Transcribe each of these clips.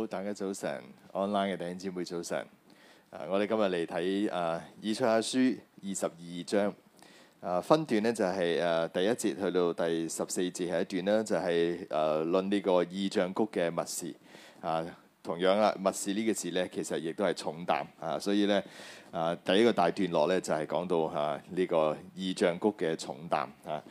好，大家早晨，online 嘅弟兄姊妹早晨。啊，我哋今日嚟睇啊，以賽亞書二十二章啊，分段咧就係、是、誒、啊、第一節去到，到第十四節係一段啦，就係誒論呢個異象谷嘅密事啊。同樣啦，默示呢個字呢，其實亦都係重擔啊，所以呢，啊，第一個大段落呢，就係、是、講到啊呢個異象谷嘅重擔啊，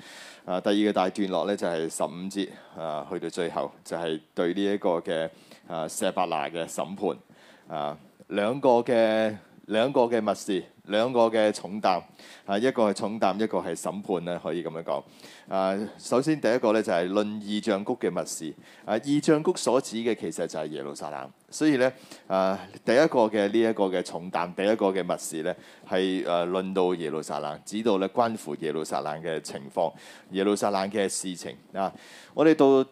這個、擔啊第二個大段落呢，就係十五節啊去到最後就係、是、對呢一個嘅啊舍伯那嘅審判啊兩個嘅兩個嘅默示。兩個嘅重擔，啊一個係重擔，一個係審判咧，可以咁樣講。啊，首先第一個咧就係論異象谷嘅密事。啊，異象谷所指嘅其實就係耶路撒冷，所以咧啊，第一個嘅呢一個嘅重擔，第一個嘅密事咧係誒論到耶路撒冷，指到咧關乎耶路撒冷嘅情況、耶路撒冷嘅事情啊。我哋到誒、啊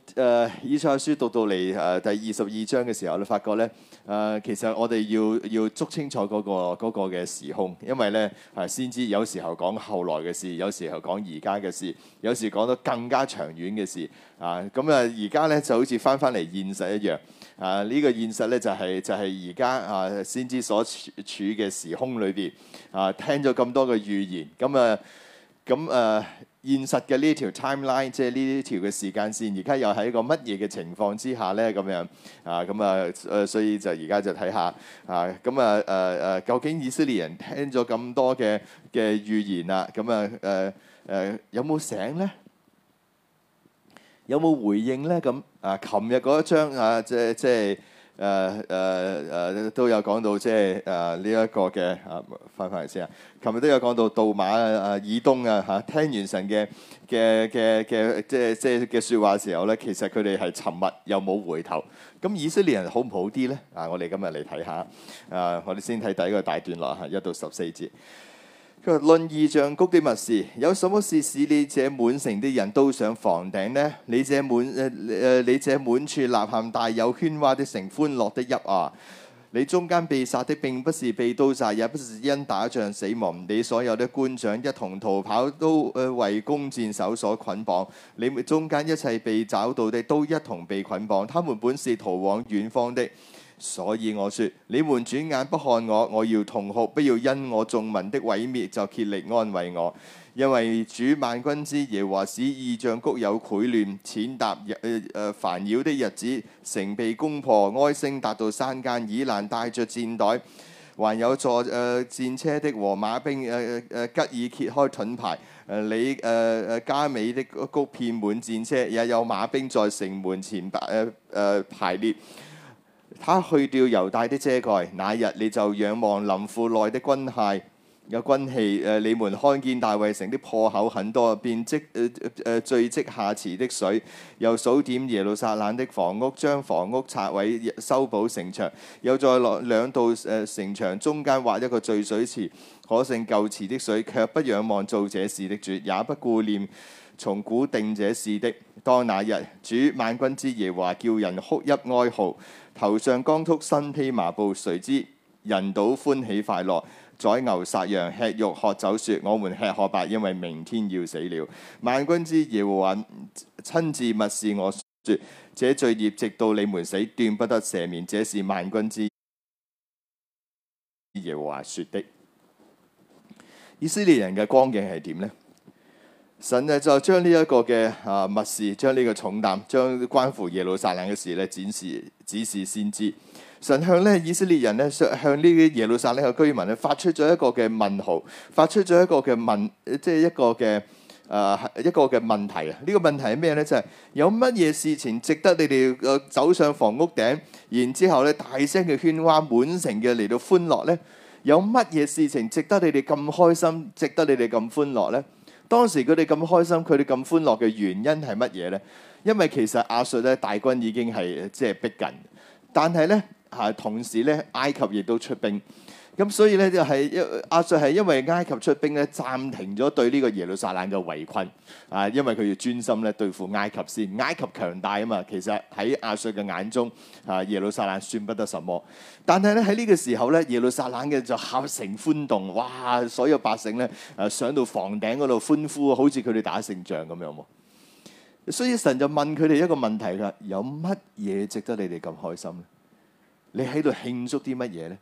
《以賽亞書》讀到嚟誒、啊、第二十二章嘅時候，你發覺咧誒、啊，其實我哋要要捉清楚嗰、嗰個嗰、嗰個嘅、嗰個、時空。因為咧，啊，先知有時候講後來嘅事，有時候講而家嘅事，有時講到更加長遠嘅事，啊，咁啊，而家咧就好似翻翻嚟現實一樣，啊，呢個現實咧就係就係而家啊，先知所處處嘅時空裏邊，啊，聽咗咁多個預言，咁啊，咁啊。啊啊現實嘅呢條 timeline，即係呢條嘅時間線，而家又喺個乜嘢嘅情況之下咧？咁樣啊，咁啊，誒、啊，所以就而家就睇下啊，咁啊，誒、啊、誒，究竟以色列人聽咗咁多嘅嘅預言啊，咁啊，誒、啊、誒，有冇醒咧？有冇回應咧？咁啊，琴日嗰一章啊，即即係。誒誒誒都有講到即係誒呢一個嘅、uh, uh, 啊，翻返嚟先啊。琴日都有講到杜馬啊、以東啊嚇，聽完神嘅嘅嘅嘅即係即係嘅説話時候咧，其實佢哋係沉默又冇回頭。咁以色列人好唔好啲咧？啊，我哋今日嚟睇下。啊，我哋先睇第一個大段落嚇，一到十四節。佢話：論異象谷的密事，有什麼事使你這滿城的人都上房頂呢？你這滿誒誒、呃，你這滿處吶喊大有喧嘩的城歡樂的邑啊！你中間被殺的並不是被刀殺，也不是因打仗死亡。你所有的官長一同逃跑都誒、呃、為弓箭手所捆綁。你中間一切被找到的都一同被捆綁，他們本是逃往遠方的。所以我説，你們轉眼不看我，我要痛哭，不要因我眾民的毀滅就竭力安慰我，因為主萬軍之耶和華使異象谷有潰亂、踐踏、誒誒煩擾的日子，城被攻破，哀聲達到山間，以攔帶著箭袋，還有坐誒、呃、戰車的和馬兵誒誒吉珥揭開盾牌，你誒誒嘉美的谷遍滿戰車，也有馬兵在城門前排誒誒排列。他去掉猶大的遮蓋，那日你就仰望林庫內的軍械、有軍器。誒，你們看見大衛城啲破口很多，便積誒聚積、呃、下池的水，又數點耶路撒冷的房屋，將房屋拆毀，修補城牆。又在兩兩道誒城牆中間挖一個聚水池。可勝舊池的水，卻不仰望做這事的主，也不顧念從古定這事的。當那日，主萬軍之耶和華叫人哭泣哀號。頭上光禿，身披麻布，誰知人倒歡喜快樂，宰牛殺羊吃肉喝酒，說我們吃喝吧，因為明天要死了。萬軍之耶和華親自密示我說：這罪孽直到你們死斷不得赦免，這是萬軍之耶和華說的。以色列人嘅光景係點呢？神咧就將呢一個嘅啊密事，將呢個重擔，將關乎耶路撒冷嘅事咧展示指示先知。神向咧以色列人咧向向呢啲耶路撒冷嘅居民咧發出咗一個嘅問號，發出咗一個嘅問，即係一個嘅啊、呃、一個嘅問題啊。呢、這個問題係咩咧？就係、是、有乜嘢事情值得你哋個走上房屋頂，然之後咧大聲嘅喧譁滿城嘅嚟到歡樂咧？有乜嘢事情值得你哋咁開心，值得你哋咁歡樂咧？當時佢哋咁開心，佢哋咁歡樂嘅原因係乜嘢呢？因為其實亞述咧，大軍已經係即係逼近。但係呢，嚇同時呢，埃及亦都出兵。咁所以咧就係亞述係因為埃及出兵咧，暫停咗對呢個耶路撒冷嘅圍困啊，因為佢要專心咧對付埃及先。埃及強大啊嘛，其實喺亞述嘅眼中啊，耶路撒冷算不得什麼。但係咧喺呢個時候咧，耶路撒冷嘅就合城歡動，哇！所有百姓咧誒、啊、上到房頂嗰度歡呼，好似佢哋打勝仗咁樣喎。所以神就問佢哋一個問題啦：有乜嘢值得你哋咁開心咧？你喺度慶祝啲乜嘢咧？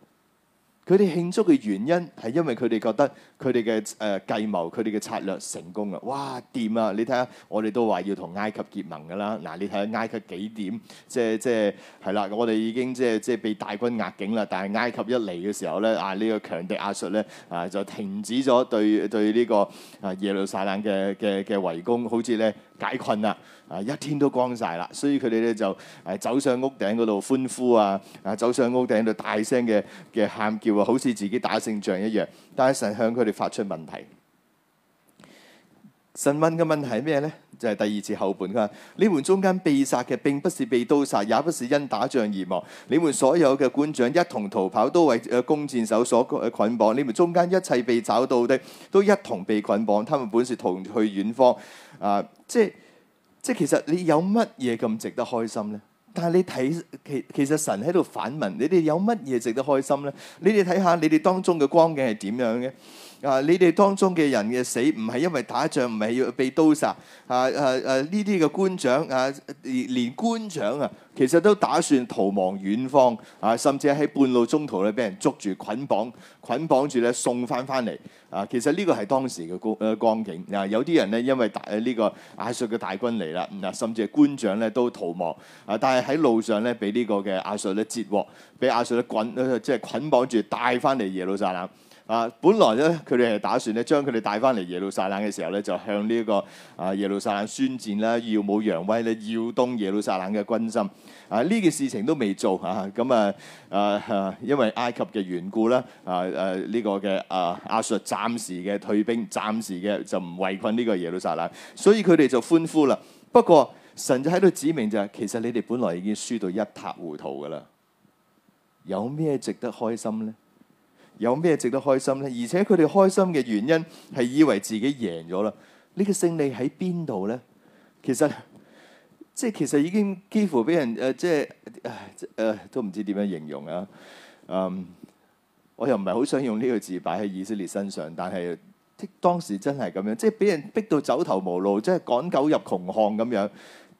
佢哋慶祝嘅原因係因為佢哋覺得佢哋嘅誒計謀、佢哋嘅策略成功啦！哇，掂啊！你睇下，我哋都話要同埃及結盟嘅啦。嗱、啊，你睇下埃及幾掂，即係即係係啦。我哋已經即係即係被大軍壓境啦。但係埃及一嚟嘅時候咧，啊呢個強敵亞述咧，啊就停止咗對對呢個啊耶路撒冷嘅嘅嘅圍攻，好似咧解困啦。啊！一天都光晒啦，所以佢哋咧就誒走上屋頂嗰度歡呼啊！啊，走上屋頂度大聲嘅嘅喊叫啊，好似自己打勝仗一樣。但係神向佢哋發出問題，神問嘅問題係咩呢？就係、是、第二節後半佢話：你們中間被殺嘅並不是被刀殺，也不是因打仗而亡。你們所有嘅官長一同逃跑都為誒弓箭手所捆綁。你們中間一切被找到的都一同被捆綁。他們本是逃去遠方啊，即即係其實你有乜嘢咁值得開心呢？但係你睇其其實神喺度反問你哋有乜嘢值得開心呢？你哋睇下你哋當中嘅光景係點樣嘅？啊！你哋當中嘅人嘅死唔係因為打仗，唔係要被刀殺。啊啊啊！呢啲嘅官長啊，連官長啊，其實都打算逃亡遠方。啊，甚至喺半路中途咧，俾人捉住捆綁，捆綁住咧送翻翻嚟。啊，其實呢個係當時嘅光光景。啊，有啲人呢，因為大呢、啊呢個亞述嘅大軍嚟啦。啊，甚至官長咧都逃亡。啊，但係喺路上咧俾呢被個嘅亞述咧截獲，俾亞述咧捆，啊、即係捆綁住帶翻嚟耶路撒冷。啊，本來咧，佢哋係打算咧，將佢哋帶翻嚟耶路撒冷嘅時候咧，就向呢一個啊耶路撒冷宣戰啦，耀武揚威咧，要動耶路撒冷嘅軍心。啊，呢件事情都未做啊，咁啊，啊，因為埃及嘅緣故啦，啊，誒，呢個嘅啊亞述暫時嘅退兵，暫時嘅就唔圍困呢個耶路撒冷，所以佢哋就歡呼啦。不過神就喺度指明就係，其實你哋本來已經輸到一塌糊塗噶啦，有咩值得開心咧？有咩值得開心呢？而且佢哋開心嘅原因係以為自己贏咗啦。呢個勝利喺邊度呢？其實即係其實已經幾乎俾人誒，即係誒都唔知點樣形容啊。嗯，我又唔係好想用呢個字擺喺以色列身上，但係即當時真係咁樣，即係俾人逼到走投無路，即係趕狗入窮巷咁樣。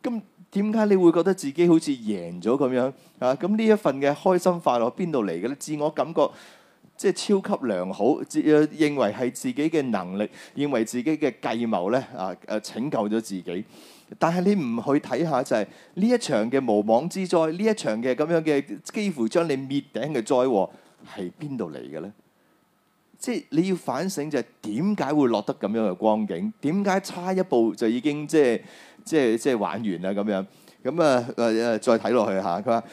咁點解你會覺得自己好似贏咗咁樣啊？咁呢一份嘅開心快樂邊度嚟嘅呢？自我感覺。即係超級良好，自認為係自己嘅能力，認為自己嘅計謀咧啊誒、啊、拯救咗自己。但係你唔去睇下、就係，就係呢一場嘅無妄之災，呢一場嘅咁樣嘅幾乎將你滅頂嘅災禍係邊度嚟嘅咧？即係你要反省就係點解會落得咁樣嘅光景？點解差一步就已經即係即係即係玩完啦咁樣？咁啊誒誒，再睇落去嚇，佢話。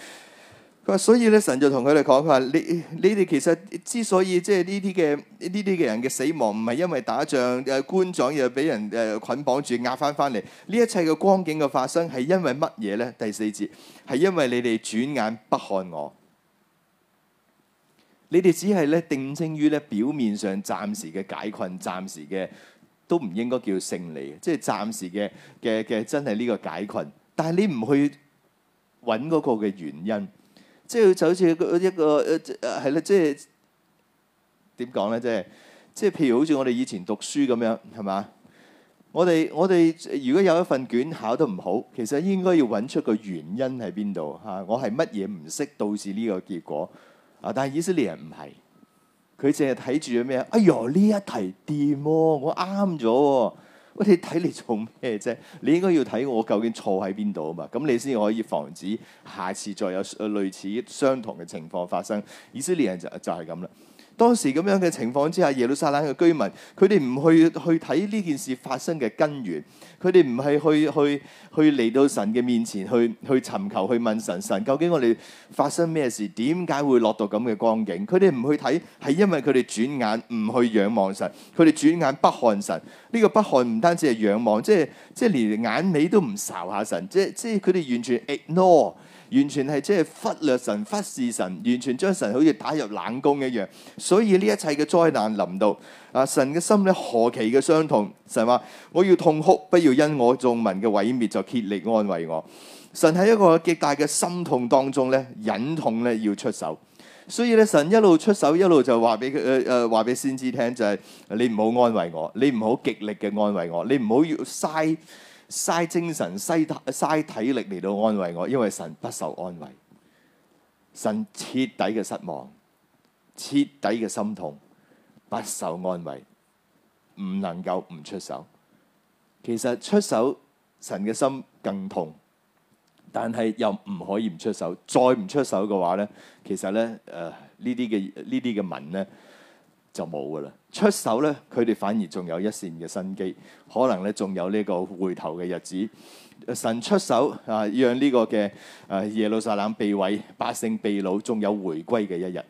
佢話：所以咧，神就同佢哋講，佢話你你哋其實之所以即係呢啲嘅呢啲嘅人嘅死亡，唔係因為打仗，誒、呃、官長又俾人誒捆、呃、綁,綁住壓翻翻嚟，呢一切嘅光景嘅發生係因為乜嘢咧？第四節係因為你哋轉眼不看我，你哋只係咧定睛於咧表面上暫時嘅解困，暫時嘅都唔應該叫勝利，即、就、係、是、暫時嘅嘅嘅真係呢個解困，但係你唔去揾嗰個嘅原因。即係就好似一個誒係啦，即係點講咧？即係即係譬如好似、呃呃嗯、我哋以前讀書咁樣，係嘛？我哋我哋如果有一份卷考得唔好，其實應該要揾出個原因喺邊度嚇？我係乜嘢唔識導致呢個結果啊？但係以色列人唔係，佢淨係睇住咗咩？哎呦，呢一題掂喎，我啱咗喎。你睇你做咩啫？你應該要睇我究竟錯喺邊度啊嘛。咁你先可以防止下次再有類似相同嘅情況發生。以色列人就就係咁啦。當時咁樣嘅情況之下，耶路撒冷嘅居民佢哋唔去去睇呢件事發生嘅根源，佢哋唔係去去去嚟到神嘅面前去去尋求去問神神究竟我哋發生咩事？點解會落到咁嘅光景？佢哋唔去睇係因為佢哋轉眼唔去仰望神，佢哋轉眼不看神。呢個不看唔單止係仰望，即係即係連眼尾都唔睄下神，即係即係佢哋完全 ignore，完全係即係忽略神、忽視神，完全將神好似打入冷宮一樣。所以呢一切嘅災難臨到，啊神嘅心咧何其嘅傷痛！神話我要痛哭，不要因我眾民嘅毀滅就竭力安慰我。神喺一個極大嘅心痛當中咧，忍痛咧要出手。所以咧，神一路出手，一路就話俾佢誒誒，話、呃、俾先知聽，就係、是、你唔好安慰我，你唔好極力嘅安慰我，你唔好嘥嘥精神、嘥嘥體力嚟到安慰我，因為神不受安慰，神徹底嘅失望，徹底嘅心痛，不受安慰，唔能夠唔出手。其實出手，神嘅心更痛。但係又唔可以唔出手，再唔出手嘅話咧，其實咧誒呢啲嘅、呃、呢啲嘅民咧就冇噶啦。出手咧，佢哋反而仲有一線嘅生機，可能咧仲有呢個回頭嘅日子。神出手啊，讓呢個嘅誒、啊、耶路撒冷被毀，百姓被擄，仲有回歸嘅一日。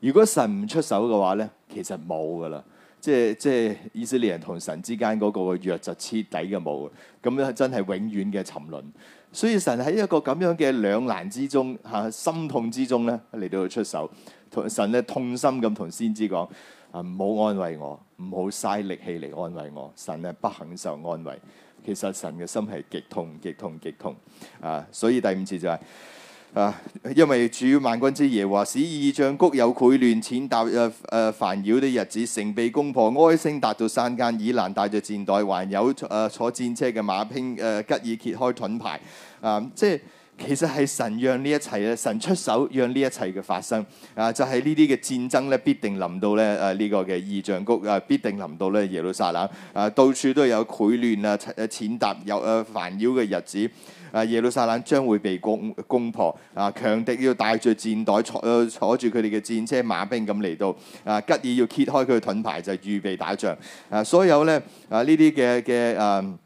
如果神唔出手嘅話咧，其實冇噶啦，即係即係以色列人同神之間嗰個約就徹底嘅冇，咁樣真係永遠嘅沉淪。所以神喺一個咁樣嘅兩難之中，嚇心痛之中咧嚟到出手，同神咧痛心咁同先知講：啊，唔好安慰我，唔好嘥力氣嚟安慰我。神咧不肯受安慰，其實神嘅心係極痛、極痛、極痛。啊，所以第五次就係、是。啊，因為主萬軍之耶和華使異象谷有潰亂、踐踏、誒誒煩擾的日子，城被攻破，哀聲達到山間，以攔，帶着戰袋，還有誒、啊、坐戰車嘅馬兵，誒吉珥揭開盾牌，啊，即係。其實係神讓呢一切咧，神出手讓呢一切嘅發生啊！就係呢啲嘅戰爭咧，必定臨到咧啊呢個嘅異象谷啊，必定臨到咧耶路撒冷啊，到處都有攪亂啊、誒、踐踏、有誒、啊、煩擾嘅日子啊！耶路撒冷將會被攻攻破啊！強敵要帶住戰袋坐坐住佢哋嘅戰車馬兵咁嚟到啊！基珥要揭開佢嘅盾牌就預備打仗啊！所有咧啊呢啲嘅嘅啊～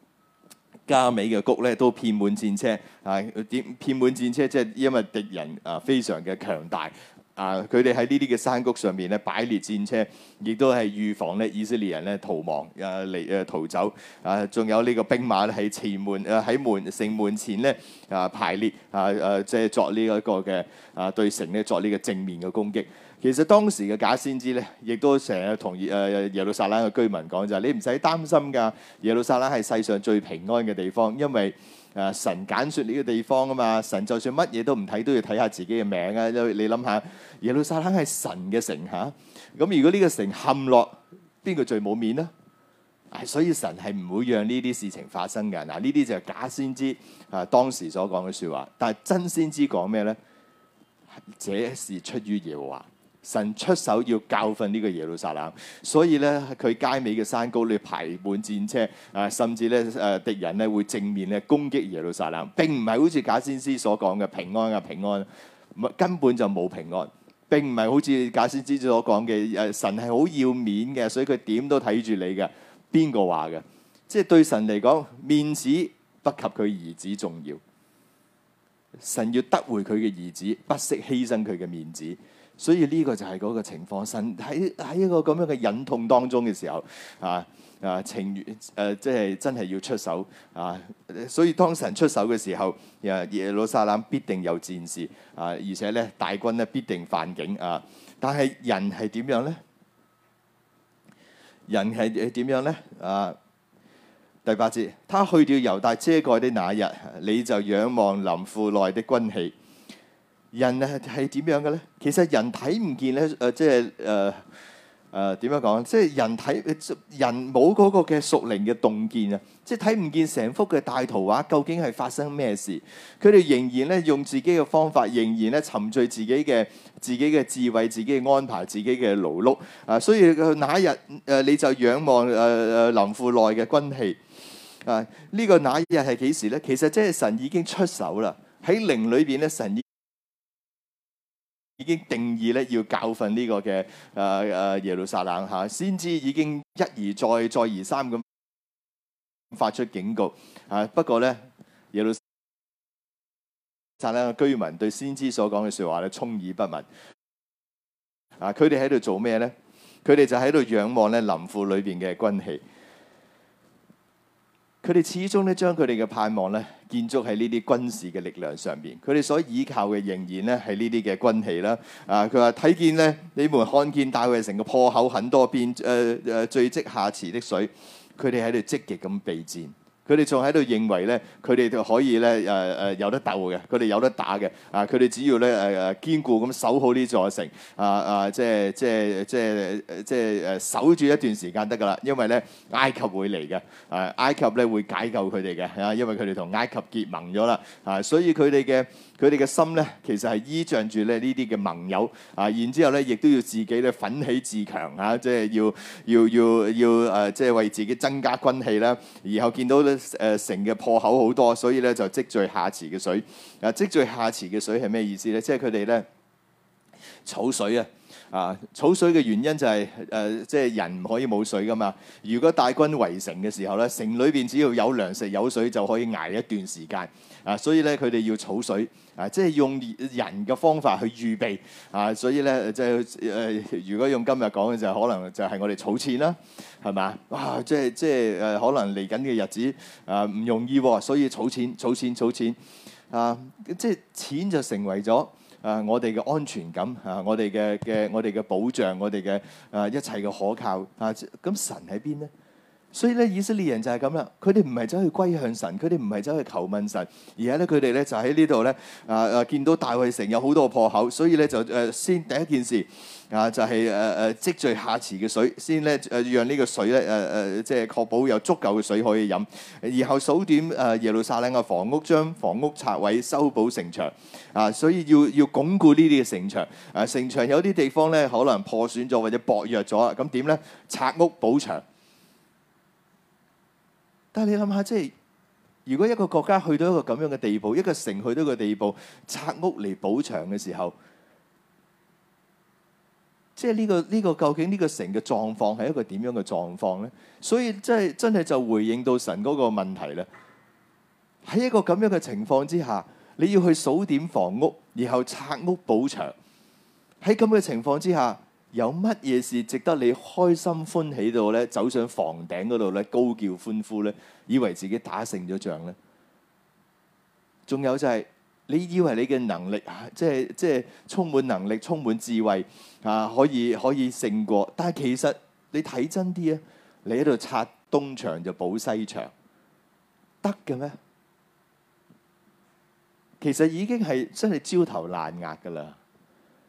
加美嘅谷咧都遍滿戰車，啊點遍滿戰車，即係因為敵人啊非常嘅強大，啊佢哋喺呢啲嘅山谷上面咧擺列戰車，亦都係預防咧以色列人咧逃亡，誒嚟誒逃走，啊仲有呢個兵馬咧喺前門誒喺、啊、門城門前咧啊排列啊誒即係作呢一個嘅啊對城咧作呢個正面嘅攻擊。其實當時嘅假先知咧，亦都成日同耶耶路撒冷嘅居民講就係：你唔使擔心㗎，耶路撒冷係世上最平安嘅地方，因為誒、呃、神揀選呢個地方啊嘛。神就算乜嘢都唔睇，都要睇下自己嘅名啊。你你諗下，耶路撒冷係神嘅城嚇。咁、啊、如果呢個城陷落，邊個最冇面啊？唉，所以神係唔會讓呢啲事情發生㗎。嗱、啊，呢啲就係假先知啊當時所講嘅説話。但係真先知講咩咧？這是出於耶和華。神出手要教訓呢個耶路撒冷，所以咧，佢街尾嘅山高，你排滿戰車，啊甚至咧誒、呃、敵人咧會正面咧攻擊耶路撒冷。並唔係好似假先知所講嘅平安啊平安，根本就冇平安。並唔係好似假先知所講嘅誒神係好要面嘅，所以佢點都睇住你嘅。邊個話嘅？即係對神嚟講，面子不及佢兒子重要。神要得回佢嘅兒子，不惜犧牲佢嘅面子。所以呢個就係嗰個情況，神喺喺一個咁樣嘅忍痛當中嘅時候，啊啊、呃、情願誒，即、呃、係、就是、真係要出手啊！所以當神出手嘅時候，耶耶路撒冷必定有戰事，啊，而且咧大軍咧必定犯境啊。但係人係點樣咧？人係點樣咧？啊，第八節，他去掉猶大遮蓋的那日，你就仰望林庫內的軍器。人係係點樣嘅咧？其實人睇唔見咧，誒即係誒誒點樣講？即係、呃呃、人睇人冇嗰個嘅屬靈嘅洞見啊，即係睇唔見成幅嘅大圖畫，究竟係發生咩事？佢哋仍然咧用自己嘅方法，仍然咧沉醉自己嘅自己嘅智慧、自己嘅安排、自己嘅勞碌啊。所以哪一日誒、呃、你就仰望誒誒、呃呃、林庫內嘅軍器啊。呢、呃這個哪一日係幾時咧？其實即係神已經出手啦。喺靈裏邊咧，神已經。已經定義咧要教訓呢個嘅誒誒耶路撒冷吓、啊，先知已經一而再、再而三咁發出警告吓、啊。不過咧耶路撒冷嘅居民對先知所講嘅說話咧充耳不聞啊！佢哋喺度做咩咧？佢哋就喺度仰望咧林庫裏邊嘅軍器。佢哋始終咧將佢哋嘅盼望咧建築喺呢啲軍事嘅力量上邊，佢哋所依靠嘅仍然咧係呢啲嘅軍器啦。啊，佢話睇見咧，你們看見大衛城嘅破口很多邊，誒誒，聚、呃、積下池的水，佢哋喺度積極咁備戰。佢哋仲喺度認為咧，佢哋就可以咧誒誒有得鬥嘅，佢哋有得打嘅啊！佢哋只要咧誒誒堅固咁守好呢座城啊啊！呃、即係即係即係即係誒守住一段時間得㗎喇，因為咧埃及會嚟嘅啊！埃及咧會解救佢哋嘅啊，因為佢哋同埃及結盟咗啦啊，所以佢哋嘅。佢哋嘅心咧，其實係依仗住咧呢啲嘅盟友啊，然之後咧，亦都要自己咧奮起自強啊，即係要要要要誒、呃，即係為自己增加軍器啦。然後見到咧誒城嘅破口好多，所以咧就積聚下池嘅水。啊，積聚下池嘅水係咩意思咧？即係佢哋咧。儲水啊！啊，儲水嘅原因就係、是、誒、呃，即係人唔可以冇水噶嘛。如果大軍圍城嘅時候咧，城裏邊只要有糧食、有水就可以挨一段時間啊。所以咧，佢哋要儲水啊，即係用人嘅方法去預備啊。所以咧，即係誒、呃，如果用今日講嘅就係可能就係我哋儲錢啦，係嘛？哇，即係即係誒，可能嚟緊嘅日子啊唔容易喎，所以儲錢、儲錢、儲錢、儲錢啊，即係錢就成為咗。啊！我哋嘅安全感，啊！我哋嘅嘅，我哋嘅保障，我哋嘅誒，一切嘅可靠啊！咁神喺邊咧？所以咧，以色列人就係咁啦。佢哋唔係走去歸向神，佢哋唔係走去求問神，而係咧佢哋咧就喺呢度咧啊啊！見到大衛城有好多個破口，所以咧就誒先第一件事啊，就係誒誒積聚下池嘅水，先咧誒、啊、讓呢個水咧誒誒即係確保有足夠嘅水可以飲。然後數點誒耶路撒冷嘅房屋，將房屋拆毀、修補城牆啊！所以要要鞏固呢啲嘅城牆啊！城牆有啲地方咧可能破損咗或者薄弱咗啊！咁點咧？拆屋補牆。但你諗下，即係如果一個國家去到一個咁樣嘅地步，一個城去到一個地步拆屋嚟補牆嘅時候，即係呢個呢個究竟呢個城嘅狀況係一個點樣嘅狀況呢？所以即係真係就回應到神嗰個問題啦。喺一個咁樣嘅情況之下，你要去數點房屋，然後拆屋補牆。喺咁嘅情況之下。有乜嘢事值得你開心歡喜到咧走上房頂嗰度咧高叫歡呼咧？以為自己打勝咗仗咧？仲有就係、是、你以為你嘅能力，啊、即係即係充滿能力、充滿智慧啊，可以可以勝過？但係其實你睇真啲啊，你喺度拆東牆就補西牆，得嘅咩？其實已經係真係焦頭爛額噶啦。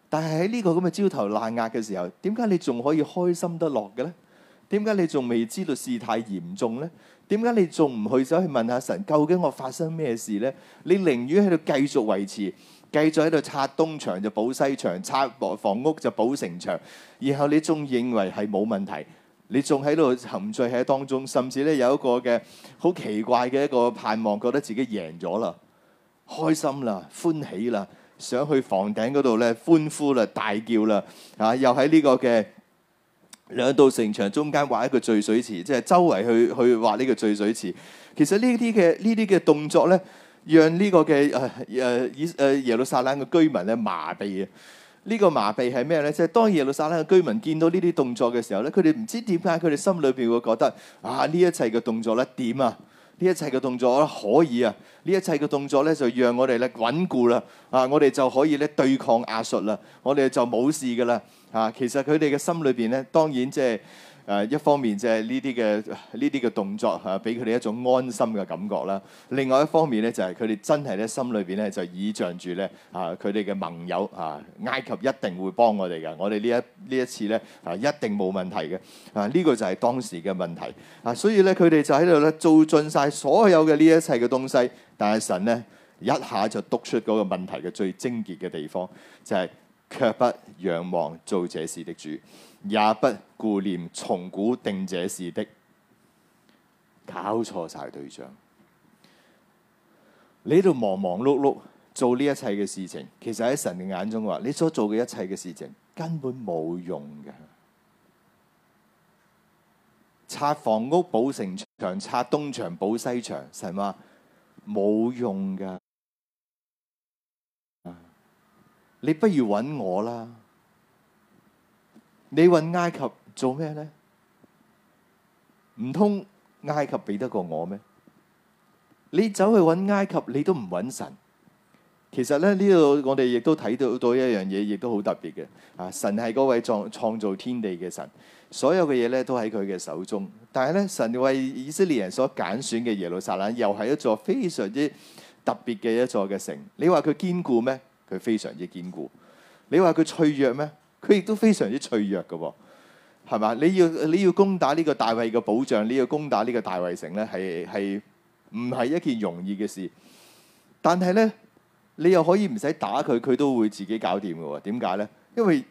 但係喺呢個咁嘅焦頭爛額嘅時候，點解你仲可以開心得落嘅呢？點解你仲未知道事態嚴重呢？點解你仲唔去走去問下神，究竟我發生咩事呢？你寧願喺度繼續維持，繼續喺度拆東牆就補西牆，拆房屋就補城牆，然後你仲認為係冇問題，你仲喺度沉醉喺當中，甚至咧有一個嘅好奇怪嘅一個盼望，覺得自己贏咗啦，開心啦，歡喜啦。想去房頂嗰度咧，歡呼啦、大叫啦，啊！又喺呢個嘅兩道城牆中間挖一個聚水池，即係周圍去去挖呢個聚水池。其實呢啲嘅呢啲嘅動作咧，讓呢個嘅誒誒以誒啊耶路撒冷嘅居民咧麻痹啊！呢個麻痹係咩咧？即係當耶路撒冷嘅居民見到呢啲動作嘅時候咧，佢哋唔知點解，佢哋心裏邊會覺得啊，呢一切嘅動作咧點啊！呢一切嘅動作可以啊，呢一切嘅動作呢就讓我哋咧穩固啦，啊，我哋就可以咧對抗亞述啦，我哋就冇事噶啦，啊，其實佢哋嘅心裏面呢，當然即係。誒一方面即係呢啲嘅呢啲嘅動作嚇，俾佢哋一種安心嘅感覺啦。另外一方面咧，就係佢哋真係咧心裏邊咧就倚仗住咧啊，佢哋嘅盟友啊，埃及一定會幫我哋嘅。我哋呢一呢一次咧啊，一定冇問題嘅啊。呢個就係當時嘅問題啊。所以咧，佢哋就喺度咧做盡晒所有嘅呢一切嘅東西，但係神咧一下就篤出嗰個問題嘅最癥結嘅地方，就係卻不仰望做這事的主。也不顧念從古定這事的，搞錯晒對象。你喺度忙忙碌碌，碌做呢一切嘅事情，其實喺神嘅眼中話，你所做嘅一切嘅事情根本冇用噶。拆房屋、補城牆、拆東牆、補西牆，神話冇用噶。你不如揾我啦。你揾埃及做咩咧？唔通埃及比得過我咩？你走去揾埃及，你都唔揾神。其實咧，呢度我哋亦都睇到到一樣嘢，亦都好特別嘅。啊，神係嗰位創創造天地嘅神，所有嘅嘢咧都喺佢嘅手中。但係咧，神為以色列人所揀選嘅耶路撒冷，又係一座非常之特別嘅一座嘅城。你話佢堅固咩？佢非常之堅固。你話佢脆弱咩？佢亦都非常之脆弱嘅喎，哦，係嘛？你要你要攻打呢個大衛嘅保障，你要攻打呢個大衛城咧，係係唔係一件容易嘅事？但係咧，你又可以唔使打佢，佢都會自己搞掂嘅喎。點解咧？因為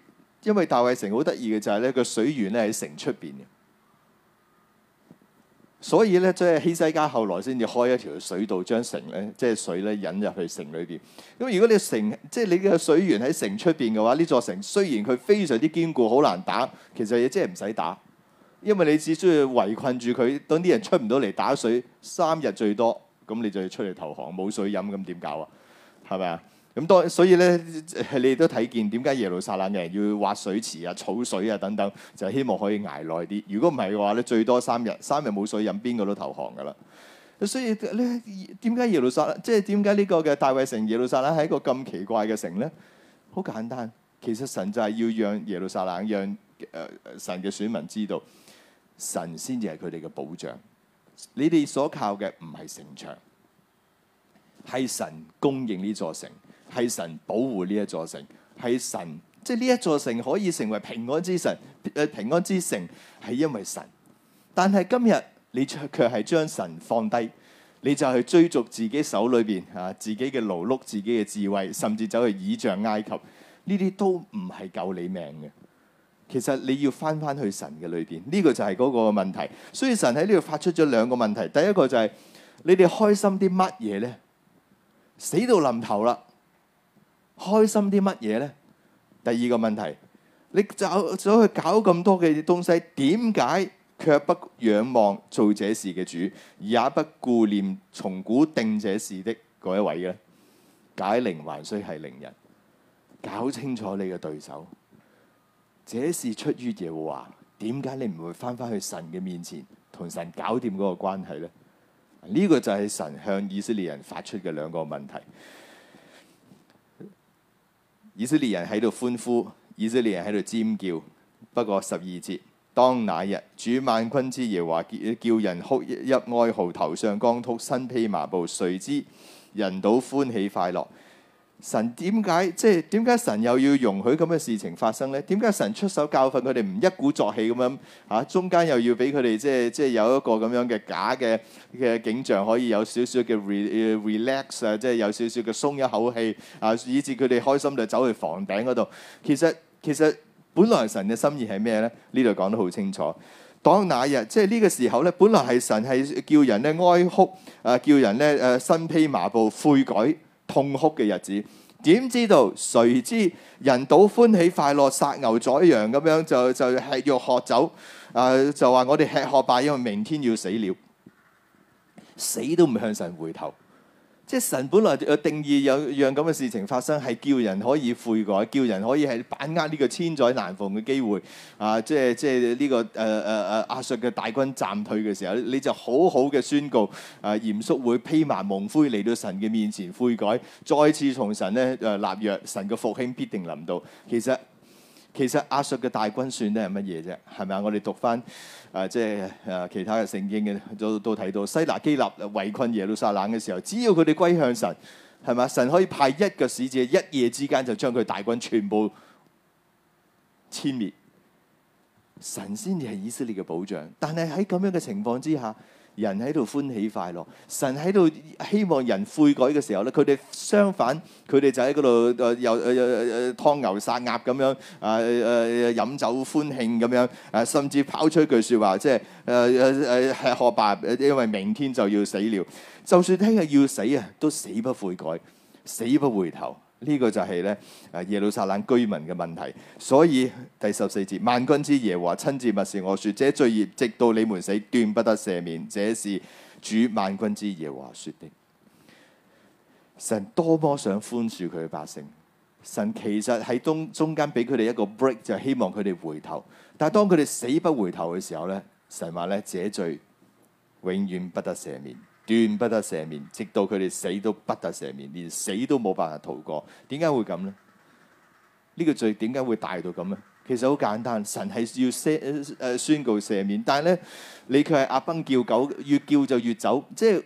因為大衛城好得意嘅就係咧，個水源咧喺城出邊嘅。所以咧，即係希西家後來先至開一條水道，將城咧，即係水咧引入去城裏邊。咁如果你城，即係你嘅水源喺城出邊嘅話，呢座城雖然佢非常之堅固，好難打，其實亦即係唔使打，因為你只需要圍困住佢，等啲人出唔到嚟打水三日最多，咁你就要出嚟投降，冇水飲咁點搞啊？係咪啊？咁多，所以咧，你都睇見點解耶路撒冷嘅人要挖水池啊、儲水啊等等，就希望可以挨耐啲。如果唔係嘅話，咧最多三日，三日冇水飲，邊個都投降噶啦。所以咧，點解耶路撒冷，即係點解呢個嘅大衛城耶路撒冷係一個咁奇怪嘅城咧？好簡單，其實神就係要讓耶路撒冷，讓誒神嘅選民知道，神先至係佢哋嘅保障。你哋所靠嘅唔係城牆，係神供應呢座城。係神保護呢一座城，係神，即係呢一座城可以成為平安之神。誒，平安之城係因為神。但係今日你卻卻係將神放低，你就去追逐自己手裏邊啊，自己嘅勞碌，自己嘅智慧，甚至走去倚仗埃及，呢啲都唔係救你命嘅。其實你要翻翻去神嘅裏邊，呢個就係嗰個問題。所以神喺呢度發出咗兩個問題，第一個就係你哋開心啲乜嘢呢？死到臨頭啦！開心啲乜嘢呢？第二個問題，你走咗去搞咁多嘅東西，點解卻不仰望做這事嘅主，也不顧念從古定這事的嗰一位呢？解鈴還須繫鈴人，搞清楚你嘅對手。這事出於耶和華，點解你唔會返返去神嘅面前，同神搞掂嗰個關係呢？呢個就係神向以色列人發出嘅兩個問題。以色列人喺度歡呼，以色列人喺度尖叫。不過十二節，當那日主萬軍之耶和華叫人哭泣哀號，頭上光禿，身披麻布，誰知人倒歡喜快樂。神點解，即係點解神又要容許咁嘅事情發生咧？點解神出手教訓佢哋唔一鼓作氣咁樣嚇？中間又要俾佢哋即係即係有一個咁樣嘅假嘅嘅景象，可以有少少嘅 re, relax 啊，即係有少少嘅鬆一口氣啊，以至佢哋開心就走去房頂嗰度。其實其實本來神嘅心意係咩咧？呢度講得好清楚。當那日即係呢個時候咧，本來係神係叫人咧哀哭啊，叫人咧誒身披麻布悔改。痛哭嘅日子，點知道？誰知人到歡喜快樂，殺牛宰羊咁樣就就吃肉喝酒，誒、呃、就話我哋吃喝吧，因為明天要死了，死都唔向神回頭。即係神本來有定義有樣咁嘅事情發生，係叫人可以悔改，叫人可以係把握呢個千載難逢嘅機會。啊，即係即係呢個誒誒誒亞述嘅大軍暫退嘅時候，你就好好嘅宣告，啊嚴肅會披麻蒙灰嚟到神嘅面前悔改，再次從神咧誒立約，神嘅復興必定臨到。其實。其實亞述嘅大軍算得係乜嘢啫？係咪啊？我哋讀翻誒，即係誒其他嘅聖經嘅都都睇到，西拿基立圍困耶路撒冷嘅時候，只要佢哋歸向神，係咪？神可以派一個使者，一夜之間就將佢大軍全部殲滅。神先至係以色列嘅保障，但係喺咁樣嘅情況之下。人喺度歡喜快樂，神喺度希望人悔改嘅時候咧，佢哋相反，佢哋就喺嗰度誒又誒誒誒劏牛殺鴨咁樣，啊誒誒飲酒歡慶咁樣，啊甚至拋出一句説話，即係誒誒誒吃喝吧，因為明天就要死了，就算聽日要死啊，都死不悔改，死不回頭。呢個就係咧耶路撒冷居民嘅問題，所以第十四節，萬軍之耶和華親自默示我説：這罪孽直到你們死，斷不得赦免。這是主萬軍之耶和華説的。神多麼想寬恕佢嘅百姓，神其實喺當中間俾佢哋一個 break，就希望佢哋回頭。但係當佢哋死不回頭嘅時候咧，神話咧，這罪永遠不得赦免。斷不得赦免，直到佢哋死都不得赦免，連死都冇辦法逃過。點解會咁呢？呢個罪點解會大到咁呢？其實好簡單，神係要宣，誒宣告赦免，但係咧，你佢係阿崩叫狗，越叫就越走。即係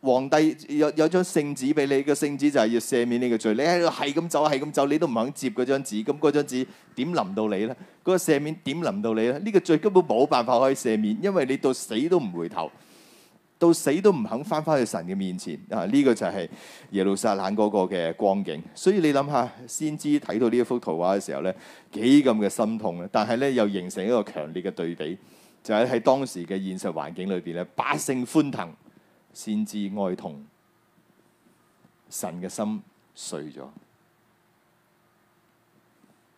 皇帝有有張聖旨俾你，個聖旨就係要赦免呢個罪。你喺度係咁走，係咁走，走，你都唔肯接嗰張紙。咁嗰張紙點臨到你呢？嗰個赦免點臨到你呢？呢個罪根本冇辦法可以赦免，因為你到死都唔回頭。到死都唔肯翻翻去神嘅面前啊！呢、呢個就係耶路撒冷嗰個嘅光景。所以你諗下，先知睇到呢一幅圖畫嘅時候咧，幾咁嘅心痛咧。但係呢，又形成一個強烈嘅對比，就喺、係、喺當時嘅現實環境裏邊咧，百姓歡騰，先知哀痛，神嘅心碎咗。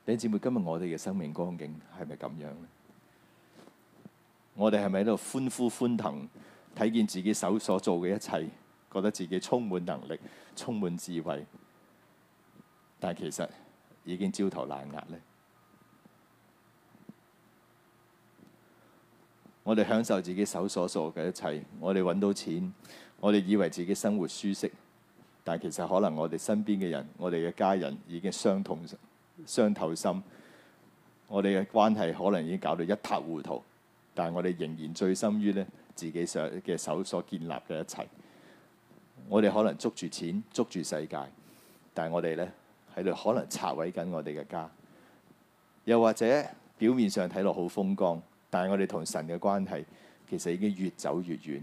你知唔知今日我哋嘅生命光景係咪咁樣咧？我哋係咪喺度歡呼歡騰？睇見自己手所做嘅一切，覺得自己充滿能力、充滿智慧，但其實已經焦頭爛額咧。我哋享受自己手所做嘅一切，我哋揾到錢，我哋以為自己生活舒適，但其實可能我哋身邊嘅人、我哋嘅家人已經傷痛傷透心，我哋嘅關係可能已經搞到一塌糊塗，但我哋仍然醉心於呢，自己上嘅手所建立嘅一切，我哋可能捉住錢，捉住世界，但係我哋咧喺度可能拆毀緊我哋嘅家，又或者表面上睇落好風光，但係我哋同神嘅關係其實已經越走越遠，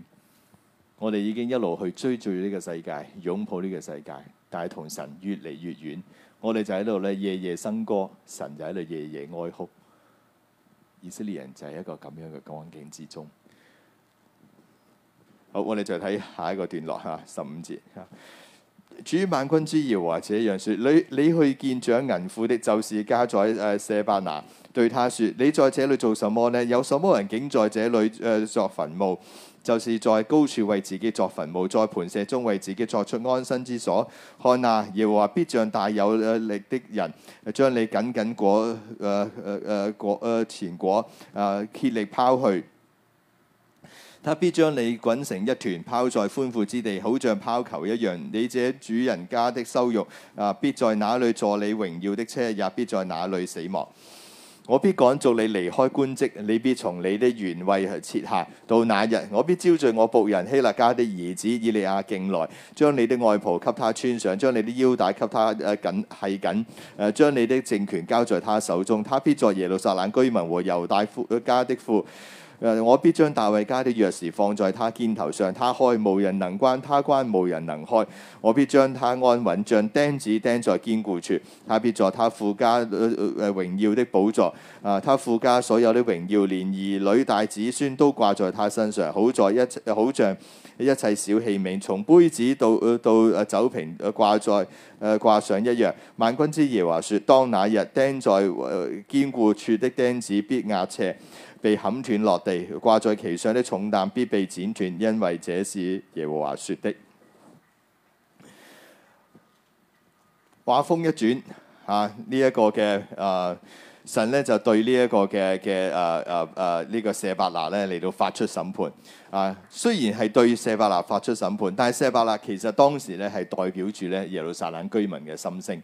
我哋已經一路去追逐呢個世界，擁抱呢個世界，但係同神越嚟越遠，我哋就喺度咧夜夜笙歌，神就喺度夜夜哀哭。以色列人就喺一個咁樣嘅光景之中。好，我哋再睇下一個段落嚇，十五節。主 萬君萬軍之耶和華這樣説：你你去見掌銀庫的，就是家宰誒舍伯那對他説：你在這裡做什麼呢？有什麼人竟在這裡誒、呃、作墳墓？就是在高處為自己作墳墓，在磐石中為自己作出安身之所。看啊，耶和華必像大有力的人，將你緊緊果誒誒誒果前果誒、呃呃呃、竭力拋去。他必將你滾成一團，拋在寬闊之地，好像拋球一樣。你這主人家的羞辱，啊、呃，必在哪裏坐你榮耀的車，也必在哪裏死亡。我必趕逐你離開官職，你必從你的原位去撤下。到那日，我必招聚我僕人希勒家的兒子以利亞敬來，將你的外袍給他穿上，將你的腰帶給他誒緊繫緊，誒、呃、將、呃、你的政權交在他手中。他必在耶路撒冷居民和猶大夫家的父。誒，我必將大衛家的鑰匙放在他肩頭上，他開無人能關，他關無人能開。我必將他安穩，像釘子釘在堅固處。他必在，他父家誒榮耀的寶座。啊、呃，他父家所有的榮耀連，連兒女帶子孫都掛在他身上。好在一切，好像一切小器皿，從杯子到、呃、到酒瓶掛、呃、在誒掛、呃、上一樣。萬軍之耶和華說：當那日釘在、呃、堅固處的釘子必壓斜。」被砍斷落地，掛在其上的重擔必被剪斷，因為這是耶和華說的。話風一轉，啊，這個呃、呢一個嘅啊神咧就對、啊啊啊這個、呢一個嘅嘅啊啊啊呢個謝伯拿咧嚟到發出審判啊，雖然係對謝伯拿發出審判，但係謝伯拿其實當時咧係代表住咧耶路撒冷居民嘅心聲。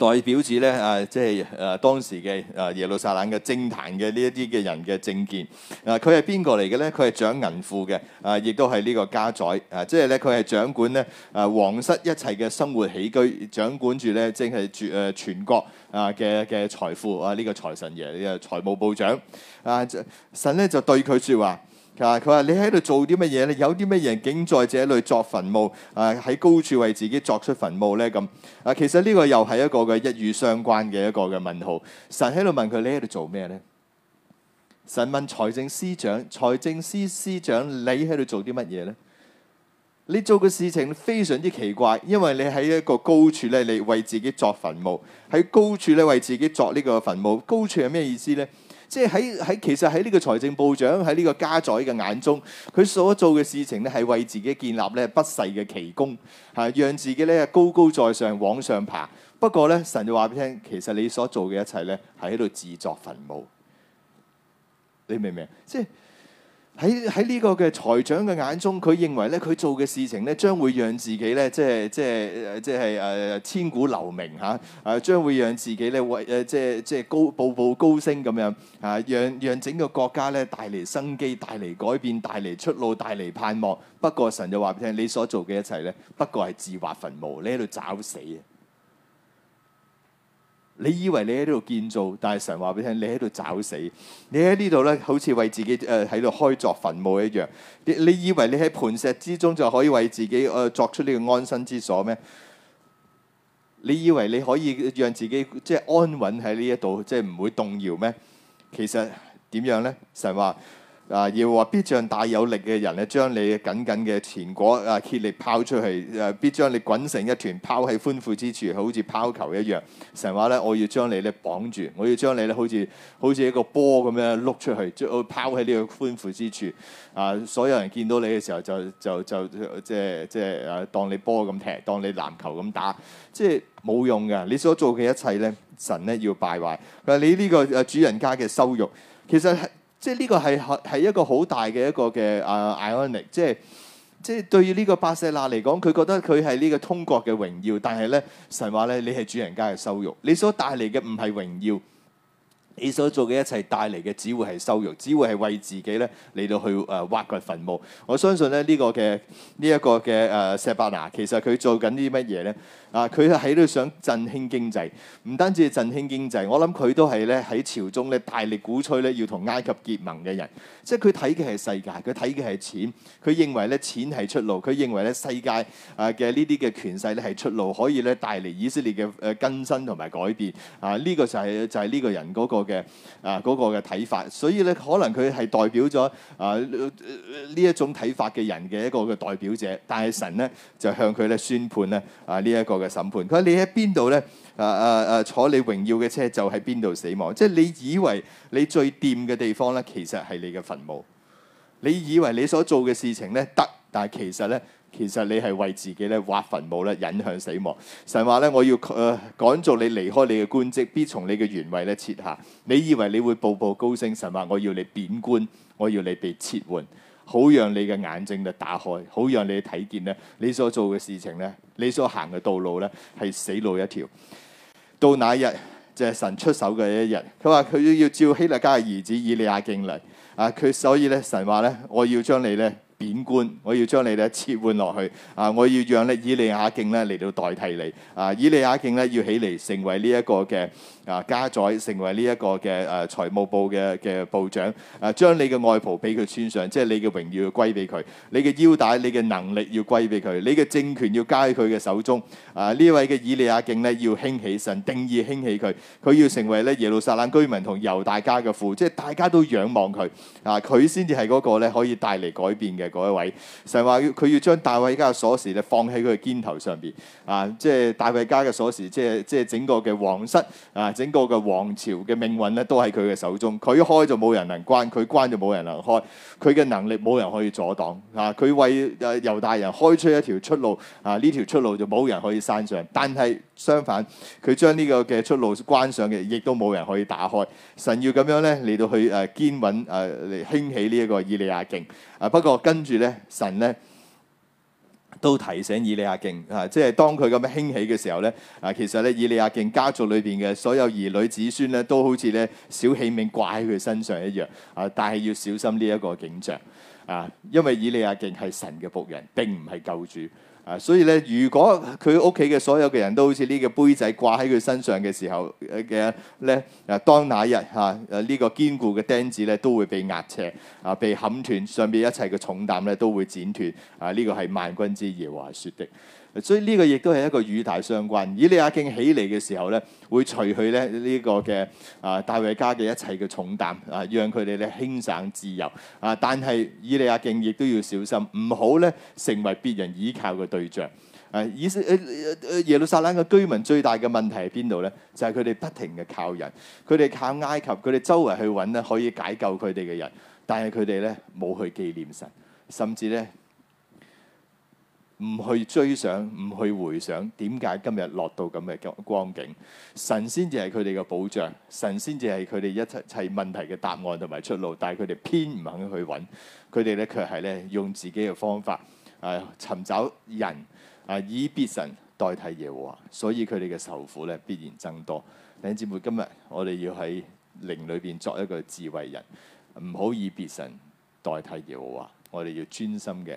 代表住咧啊，即係誒、啊、當時嘅誒、啊、耶路撒冷嘅政壇嘅呢一啲嘅人嘅政見。啊，佢係邊個嚟嘅咧？佢係掌銀庫嘅，啊，亦都係呢個家宰。啊，即係咧，佢係掌管咧誒皇室一切嘅生活起居，掌管住咧即係誒全國啊嘅嘅財富啊，呢個財神爺，呢個財務部長。啊，神咧就對佢説話。佢話你喺度做啲乜嘢呢？有啲乜嘢人竟在這裏作墳墓？啊！喺高處為自己作出墳墓呢？咁啊！其實呢個又係一個嘅一語相關嘅一個嘅問號。神喺度問佢：你喺度做咩呢？神問財政司長：財政司司長，你喺度做啲乜嘢呢？你做嘅事情非常之奇怪，因為你喺一個高處咧，你為自己作墳墓；喺高處咧，為自己作呢個墳墓。高處係咩意思呢？即係喺喺，其實喺呢個財政部長喺呢個家宰嘅眼中，佢所做嘅事情咧係為自己建立咧不世嘅奇功，嚇，讓自己咧高高在上往上爬。不過咧，神就話俾你聽，其實你所做嘅一切咧係喺度自作墳墓，你明唔明？即係。喺喺呢個嘅財長嘅眼中，佢認為咧，佢做嘅事情咧，將會讓自己咧，即係即係即係誒千古留名嚇，誒、啊、將會讓自己咧為誒即係即係高步步高升咁樣，嚇、啊，讓讓整個國家咧帶嚟生機、帶嚟改變、帶嚟出路、帶嚟盼望。不過神就話俾你聽，你所做嘅一切咧，不過係自畫墳墓，你喺度找死啊！你以為你喺呢度建造，但係神話俾你聽，你喺度找死。你喺呢度咧，好似為自己誒喺度開作墳墓一樣。你，你以為你喺磐石之中就可以為自己誒、呃、作出呢個安身之所咩？你以為你可以讓自己即係安穩喺呢一度，即係唔會動搖咩？其實點樣咧？神話。啊！要話必將大有力嘅人咧，將你緊緊嘅纏裹啊，竭力拋出去；誒、啊，必將你滾成一團，拋喺寬闊之處，好似拋球一樣。神話咧，我要將你咧綁住，我要將你咧好似好似一個波咁樣碌出去，將我拋喺呢個寬闊之處。啊！所有人見到你嘅時候就，就就就即係即係啊，當你波咁踢，當你籃球咁打，即係冇用嘅。你所做嘅一切咧，神咧要敗壞。佢話：你呢個啊主人家嘅羞辱，其實即係呢個係係一個好大嘅一個嘅啊 irony，即係即係對於呢個巴塞那嚟講，佢覺得佢係呢個通國嘅榮耀，但係咧神話咧，你係主人家嘅羞辱，你所帶嚟嘅唔係榮耀。你所做嘅一切帶嚟嘅只會係羞辱，只會係為自己咧嚟到去誒挖個墳墓。我相信咧呢、呢個嘅呢一個嘅誒舍伯那，其實佢做緊啲乜嘢咧？啊、呃，佢喺度想振興經濟，唔單止振興經濟，我諗佢都係咧喺朝中咧大力鼓吹咧要同埃及結盟嘅人。即係佢睇嘅係世界，佢睇嘅係錢，佢認為咧錢係出路，佢認為咧世界誒嘅呢啲嘅權勢咧係出路，可以咧帶嚟以色列嘅誒更新同埋改變啊，呢、呃呢個就係、是、就係、是、呢個人嗰、就是、個人。就是嘅啊嗰、那個嘅睇法，所以咧可能佢係代表咗啊呢一、呃、種睇法嘅人嘅一個嘅代表者，但係神咧就向佢咧宣判咧啊呢一、這個嘅審判，佢話你喺邊度咧啊啊啊坐你榮耀嘅車就喺邊度死亡，即係你以為你最掂嘅地方咧，其實係你嘅墳墓，你以為你所做嘅事情咧得，但係其實咧。其實你係為自己咧挖墳墓咧引向死亡。神話咧，我要誒趕做你離開你嘅官職，必從你嘅原位咧撤下。你以為你會步步高升？神話，我要你貶官，我要你被撤換，好讓你嘅眼睛就打開，好讓你睇見咧你所做嘅事情咧，你所行嘅道路咧係死路一條。到那一日就係、是、神出手嘅一日。佢話佢要召希勒家嘅兒子以利亞敬嚟。啊，佢所以咧神話咧，我要將你咧。貶官，我要將你咧切換落去啊！我要讓咧以利亞敬咧嚟到代替你啊！以利亞敬咧要起嚟成為呢一個嘅。啊，加載成為呢一個嘅誒財務部嘅嘅部長，誒、啊、將你嘅外袍俾佢穿上，即係你嘅榮譽要歸俾佢，你嘅腰帶、你嘅能力要歸俾佢，你嘅政權要加喺佢嘅手中。啊，呢位嘅以利亞敬呢，要興起神定意興起佢，佢要成為咧耶路撒冷居民同猶大家嘅父，即係大家都仰望佢，啊，佢先至係嗰個咧可以帶嚟改變嘅嗰一位。神話佢要將大衛家嘅鎖匙咧放喺佢嘅肩頭上邊，啊，即係大衛家嘅鎖匙，即係即係整個嘅皇室啊。整個嘅王朝嘅命運咧，都喺佢嘅手中。佢開就冇人能關，佢關就冇人能開。佢嘅能力冇人可以阻擋。啊，佢為猶大人開出一條出路，啊，呢條出路就冇人可以閂上。但係相反，佢將呢個嘅出路關上嘅，亦都冇人可以打開。神要咁樣咧嚟到去誒，堅穩誒，嚟、啊、興起呢一個以利亞敬。啊，不過跟住咧，神咧。都提醒以利亞敬啊，即係當佢咁樣興起嘅時候咧啊，其實咧以利亞敬家族裏邊嘅所有兒女子孫咧，都好似咧小器皿掛喺佢身上一樣啊。但係要小心呢一個景象啊，因為以利亞敬係神嘅僕人，並唔係救主。啊，所以咧，如果佢屋企嘅所有嘅人都好似呢個杯仔掛喺佢身上嘅時候嘅咧，啊，當那日嚇，啊，啊、這個、呢個堅固嘅釘子咧都會被壓斜啊，被砍斷，上邊一切嘅重擔咧都會剪斷，啊，呢、這個係萬軍之耶和華說的。所以呢個亦都係一個語帶相關。以利亞敬起嚟嘅時候咧，會除去咧呢、這個嘅啊大衛家嘅一切嘅重擔啊，讓佢哋咧輕省自由啊。但係以利亞敬亦都要小心，唔好咧成為別人依靠嘅對象。啊，以色、耶路撒冷嘅居民最大嘅問題係邊度咧？就係佢哋不停嘅靠人，佢哋靠埃及，佢哋周圍去揾咧可以解救佢哋嘅人，但係佢哋咧冇去紀念神，甚至咧。唔去追想，唔去回想，點解今日落到咁嘅光景？神先至係佢哋嘅保障，神先至係佢哋一切問題嘅答案同埋出路。但係佢哋偏唔肯去揾，佢哋咧卻係咧用自己嘅方法啊尋找人啊，以別神代替耶和華，所以佢哋嘅仇苦咧必然增多。弟兄姊妹，今日我哋要喺靈裏邊作一個智慧人，唔好以別神代替耶和華。我哋要專心嘅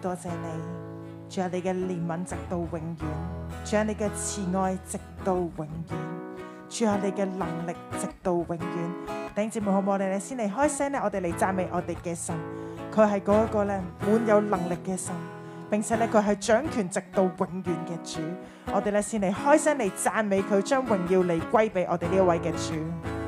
多謝你，主啊，你嘅憐憫直到永遠，主啊，你嘅慈愛直到永遠，主啊，你嘅能力直到永遠。弟兄姊妹好，我我哋咧先嚟開聲咧，我哋嚟讚美我哋嘅神，佢係嗰一個咧滿有能力嘅神，並且咧佢係掌權直到永遠嘅主。我哋咧先嚟開聲嚟讚美佢，將榮耀嚟歸俾我哋呢一位嘅主。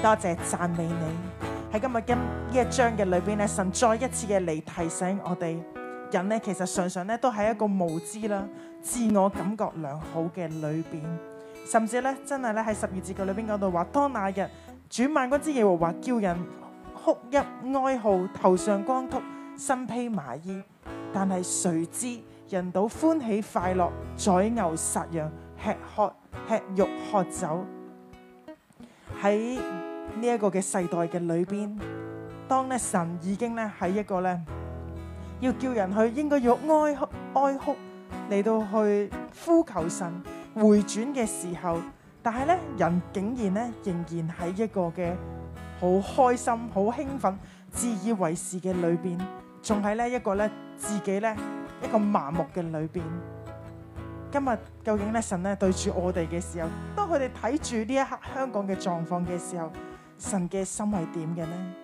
多謝讚美你喺，今日一呢一章嘅裏邊咧，神再一次嘅嚟提醒我哋人呢，其實常常咧都喺一個無知啦、自我感覺良好嘅裏邊，甚至呢，真係咧喺十二節句裏邊講到話：當那日主萬軍之耶和華叫人哭泣哀號，頭上光禿，身披麻衣，但係誰知人倒歡喜快樂，宰牛殺羊，吃喝吃肉喝酒喺。呢一個嘅世代嘅裏邊，當咧神已經咧喺一個咧要叫人去應該要哀哭哀哭嚟到去呼求神回轉嘅時候，但係咧人竟然咧仍然喺一個嘅好開心、好興奮、自以為是嘅裏邊，仲喺呢一個咧自己咧一個麻木嘅裏邊。今日究竟咧神咧對住我哋嘅時候，當佢哋睇住呢一刻香港嘅狀況嘅時候。神嘅心係點嘅呢？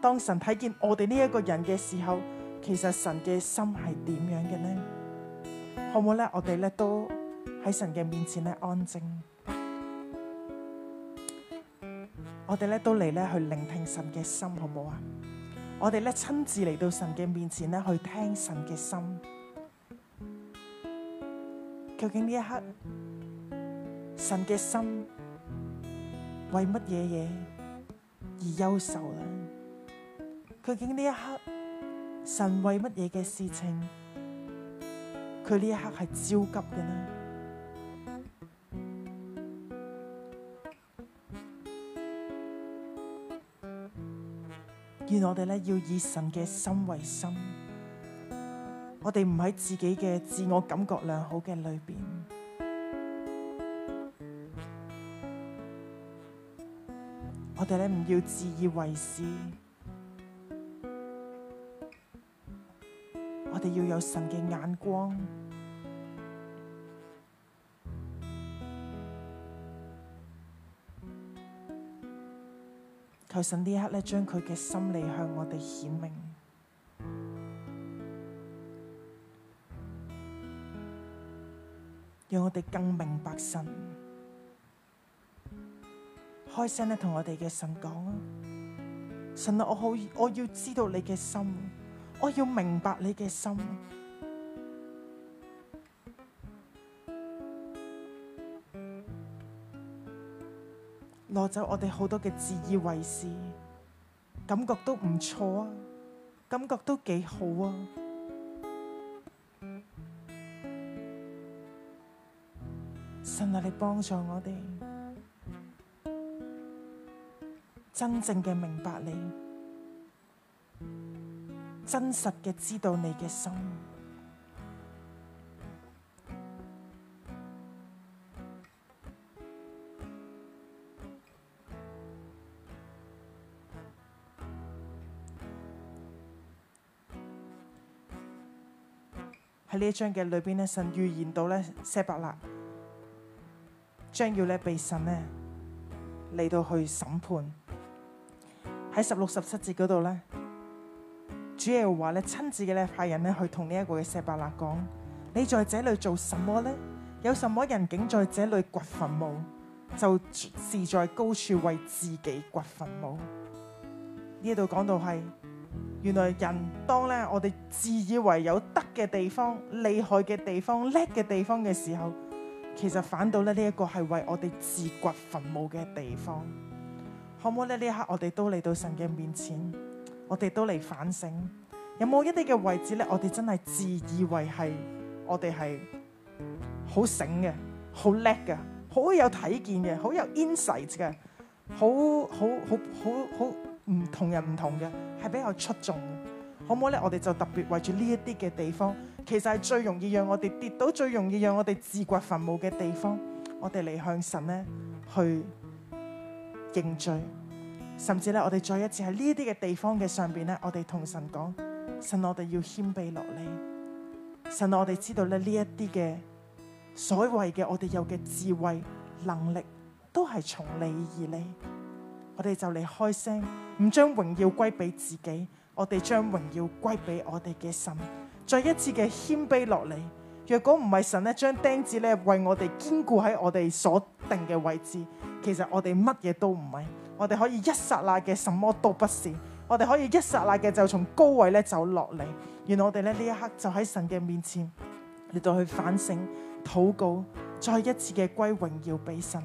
當神睇見我哋呢一個人嘅時候，其實神嘅心係點樣嘅呢？好唔好呢？我哋呢都喺神嘅面前呢安靜，我哋呢都嚟呢去聆聽神嘅心，好唔好啊？我哋呢親自嚟到神嘅面前呢去聽神嘅心，究竟呢一刻神嘅心為乜嘢嘢？而優秀啦，究竟呢一刻，神為乜嘢嘅事情，佢呢一刻係焦急嘅呢？願我哋呢，要以神嘅心為心，我哋唔喺自己嘅自我感覺良好嘅裏邊。我哋唔要自以為是，我哋要有神嘅眼光。求神呢刻咧，將佢嘅心理向我哋顯明，讓我哋更明白神。開聲咧，同我哋嘅神講啊！神啊，我好，我要知道你嘅心，我要明白你嘅心，攞走我哋好多嘅自以為是，感覺都唔錯啊，感覺都幾好啊！神啊，你幫助我哋。真正嘅明白你，真實嘅知道你嘅心。喺呢 一章嘅裏邊咧，神預言到呢，舍伯那，將要呢被神呢，嚟到去審判。喺十六十七節嗰度呢，主耶穌話咧親自嘅咧派人咧去同呢一個嘅舍伯納講：你在這裏做什麼呢？有什麼人竟在這裏掘墳墓？就是在高處為自己掘墳墓。呢度講到係原來人當咧我哋自以為有得嘅地方、厲害嘅地方、叻嘅地方嘅時候，其實反倒咧呢一個係為我哋自掘墳墓嘅地方。可唔可以呢一刻我哋都嚟到神嘅面前，我哋都嚟反省，有冇一啲嘅位置咧？我哋真係自以為係，我哋係好醒嘅、好叻嘅、好有睇見嘅、好有 insight 嘅、好好好好好唔同人唔同嘅，係比較出眾。可唔可以咧？我哋就特別為住呢一啲嘅地方，其實係最容易讓我哋跌倒，最容易讓我哋自掘墳墓嘅地方。我哋嚟向神咧去認罪，甚至咧，我哋再一次喺呢啲嘅地方嘅上邊咧，我哋同神講，神，我哋要謙卑落嚟。神，我哋知道咧，呢一啲嘅所謂嘅我哋有嘅智慧能力都係從你而嚟，我哋就嚟開聲，唔將榮耀歸俾自己，我哋將榮耀歸俾我哋嘅神，再一次嘅謙卑落嚟。若果唔係神咧，將釘子咧為我哋堅固喺我哋所定嘅位置。其實我哋乜嘢都唔係，我哋可以一剎那嘅什麼都不是，我哋可以一剎那嘅就從高位咧走落嚟。原來我哋咧呢一刻就喺神嘅面前，嚟到去反省、禱告，再一次嘅歸榮耀俾神。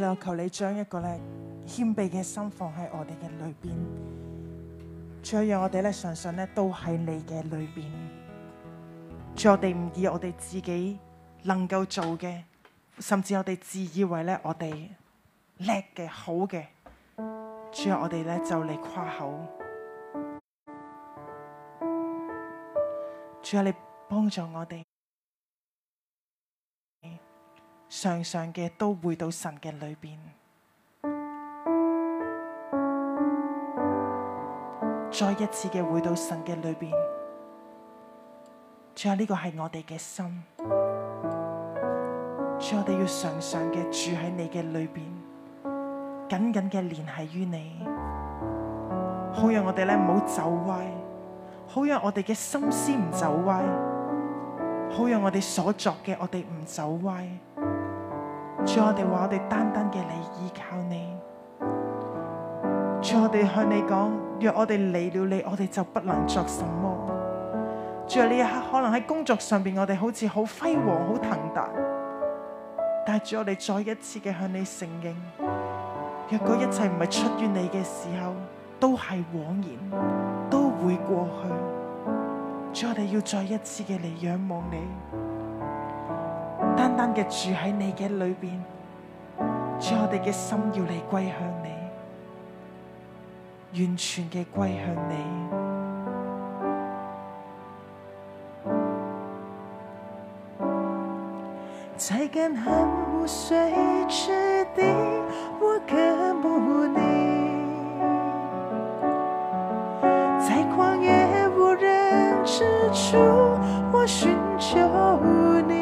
我求你將一個咧謙卑嘅心放喺我哋嘅裏邊，再讓我哋咧常常咧都喺你嘅裏邊，叫我哋唔以我哋自己能夠做嘅，甚至我哋自以為咧我哋叻嘅好嘅，主啊，我哋咧就嚟誇口，主啊，你幫助我哋。常常嘅都回到神嘅裏邊，再一次嘅回到神嘅裏邊。仲有呢個係我哋嘅心，我哋要常常嘅住喺你嘅裏邊，緊緊嘅聯繫於你，好讓我哋咧唔好走歪，好讓我哋嘅心思唔走歪，好讓我哋所作嘅我哋唔走歪。主，我哋話我哋單單嘅嚟依靠你。主，我哋向你講，若我哋離了你，我哋就不能作什麼。主，呢一刻可能喺工作上邊，我哋好似好輝煌、好騰達，但係主，我哋再一次嘅向你承認，若果一切唔係出於你嘅時候，都係枉然，都會過去。主，我哋要再一次嘅嚟仰望你。單單嘅住喺你嘅裏面，將我哋嘅心要嚟歸向你，完全嘅歸向你。在黑暗無水之地，我渴慕你；在荒野無人之處，我尋求你。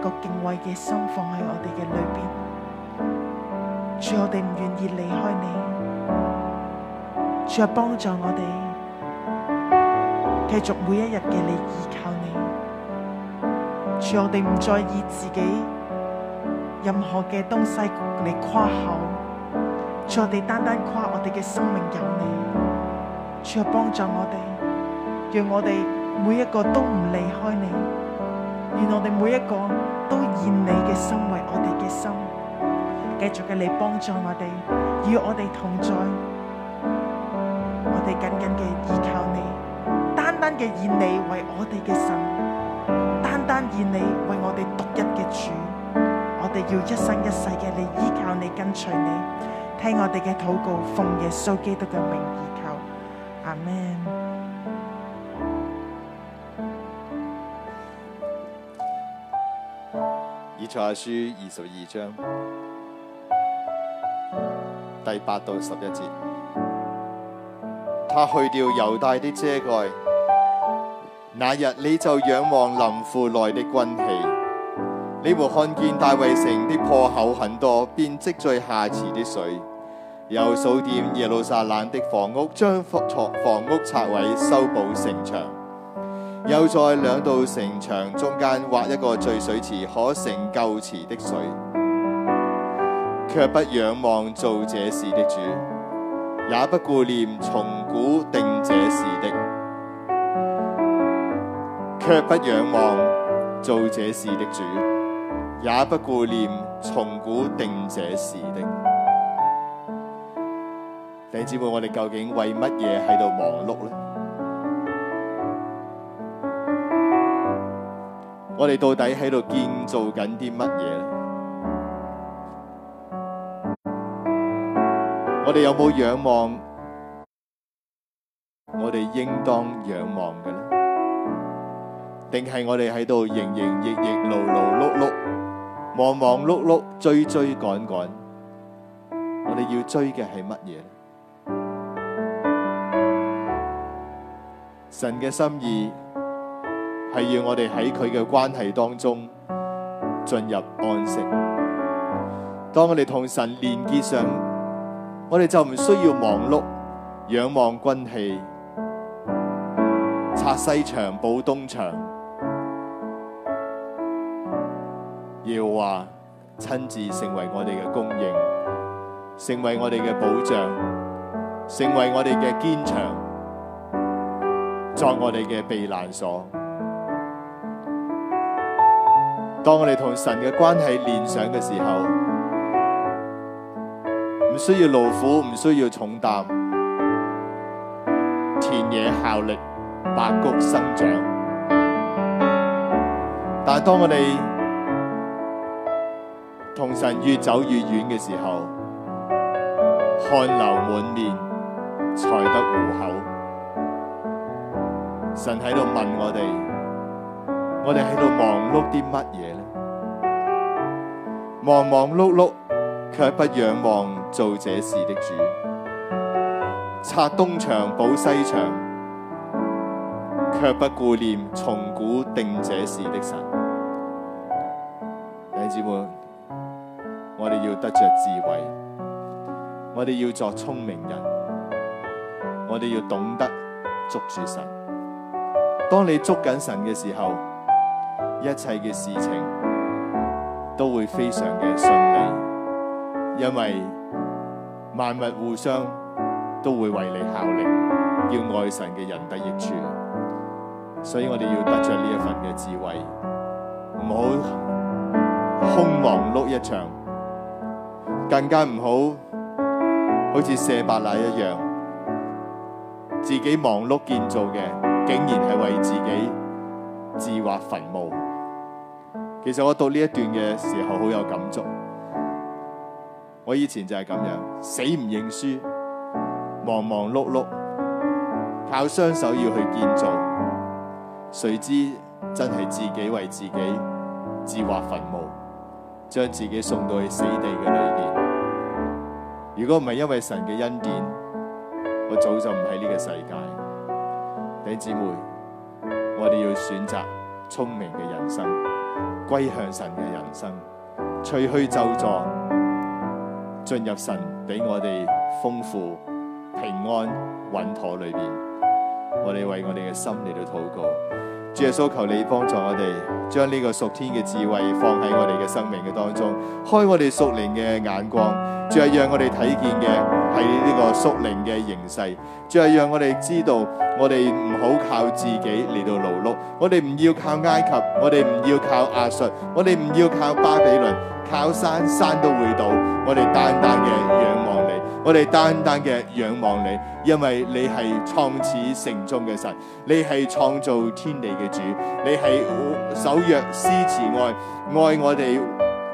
一個敬畏嘅心放喺我哋嘅裏邊，主，我哋唔願意離開你，主啊，幫助我哋繼續每一日嘅你依靠你，主，我哋唔再以自己任何嘅東西嚟誇口，主，我哋單單誇我哋嘅生命有你，主啊，幫助我哋，讓我哋每一個都唔離開你，願我哋每一個。用你嘅心為我哋嘅心，繼續嘅你幫助我哋，與我哋同在。我哋緊緊嘅依靠你，單單嘅以你為我哋嘅神，單單以你為我哋獨一嘅主。我哋要一生一世嘅你依靠你，跟隨你，聽我哋嘅禱告，奉耶穌基督嘅名而求。阿門。賽書二十二章第八到十一節，他去掉猶大的遮蓋，那日你就仰望林庫內的軍器。你會看見大衛城的破口很多，便積聚下池的水，又數點耶路撒冷的房屋，將房屋拆毀，修補城牆。又在兩道城牆中間挖一個聚水池，可盛舊池的水，却不仰望做這事的主，也不顧念從古定這事的，却不仰望做這事的主，也不顧念從古定這事的。弟兄姊妹，我哋究竟為乜嘢喺度忙碌呢？我哋到底喺度建造緊啲乜嘢？我哋有冇仰望？我哋應當仰望嘅咧，定係我哋喺度營營役役、勞勞碌碌、忙忙碌碌、追追趕趕？我哋要追嘅係乜嘢？神嘅心意。係要我哋喺佢嘅關係當中進入安息。當我哋同神連結上，我哋就唔需要忙碌、仰望軍器、拆西牆補東牆，要話親自成為我哋嘅供應，成為我哋嘅保障，成為我哋嘅堅強，作我哋嘅避難所。當我哋同神嘅關係連上嘅時候，唔需要勞苦，唔需要重擔，田野效力，百穀生長。但係當我哋同神越走越遠嘅時候，汗流滿面，才得糊口。神喺度問我哋。我哋喺度忙碌啲乜嘢咧？忙忙碌碌，卻不仰望做這事的主；拆東牆補西牆，卻不顧念從古定這事的神。弟兄姊妹，我哋要得着智慧，我哋要做聰明人，我哋要懂得捉住神。當你捉緊神嘅時候，一切嘅事情都會非常嘅順利，因為萬物互相都會為你效力。要愛神嘅人得益處，所以我哋要得著呢一份嘅智慧，唔好空忙碌一場，更加唔好好似舍伯那一樣，自己忙碌建造嘅，竟然係為自己自挖墳墓。其實我讀呢一段嘅時候好有感觸。我以前就係咁樣，死唔認輸，忙忙碌碌，靠雙手要去建造，誰知真係自己為自己自挖墳墓，將自己送到去死地嘅裏面。如果唔係因為神嘅恩典，我早就唔喺呢個世界。弟兄姊妹，我哋要選擇聰明嘅人生。歸向神嘅人生，除去咒詛，進入神俾我哋豐富、平安、穩妥裏邊。我哋為我哋嘅心嚟到禱告，主耶穌求你幫助我哋，將呢個屬天嘅智慧放喺我哋嘅生命嘅當中，開我哋屬靈嘅眼光，主啊，讓我哋睇見嘅。喺呢個縮零嘅形勢，仲係讓我哋知道，我哋唔好靠自己嚟到勞碌，我哋唔要靠埃及，我哋唔要靠亞述，我哋唔要靠巴比倫，靠山山都會倒，我哋單單嘅仰望你，我哋單單嘅仰望你，因為你係創始成終嘅神，你係創造天地嘅主，你係守約施慈愛愛我哋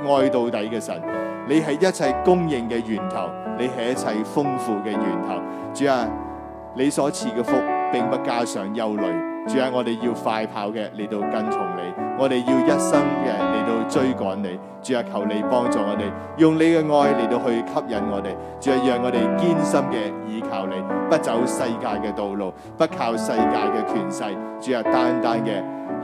愛到底嘅神，你係一切供應嘅源頭。你係一切豐富嘅源頭，主啊，你所賜嘅福，並不加上憂慮。主啊，我哋要快跑嘅嚟到跟從你，我哋要一生嘅嚟到追趕你。主啊，求你幫助我哋，用你嘅愛嚟到去吸引我哋。主啊，讓我哋堅心嘅依靠你，不走世界嘅道路，不靠世界嘅權勢。主啊，單單嘅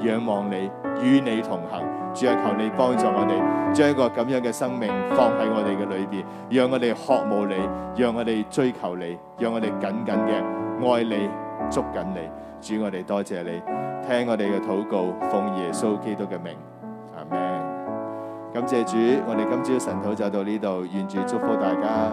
仰望你，與你同行。主係，求你幫助我哋，將一個咁樣嘅生命放喺我哋嘅裏邊，讓我哋渴慕你，讓我哋追求你，讓我哋緊緊嘅愛你，捉緊你。主，我哋多謝你，聽我哋嘅禱告，奉耶穌基督嘅名，阿門。感謝主，我哋今朝神討就到呢度，願主祝福大家。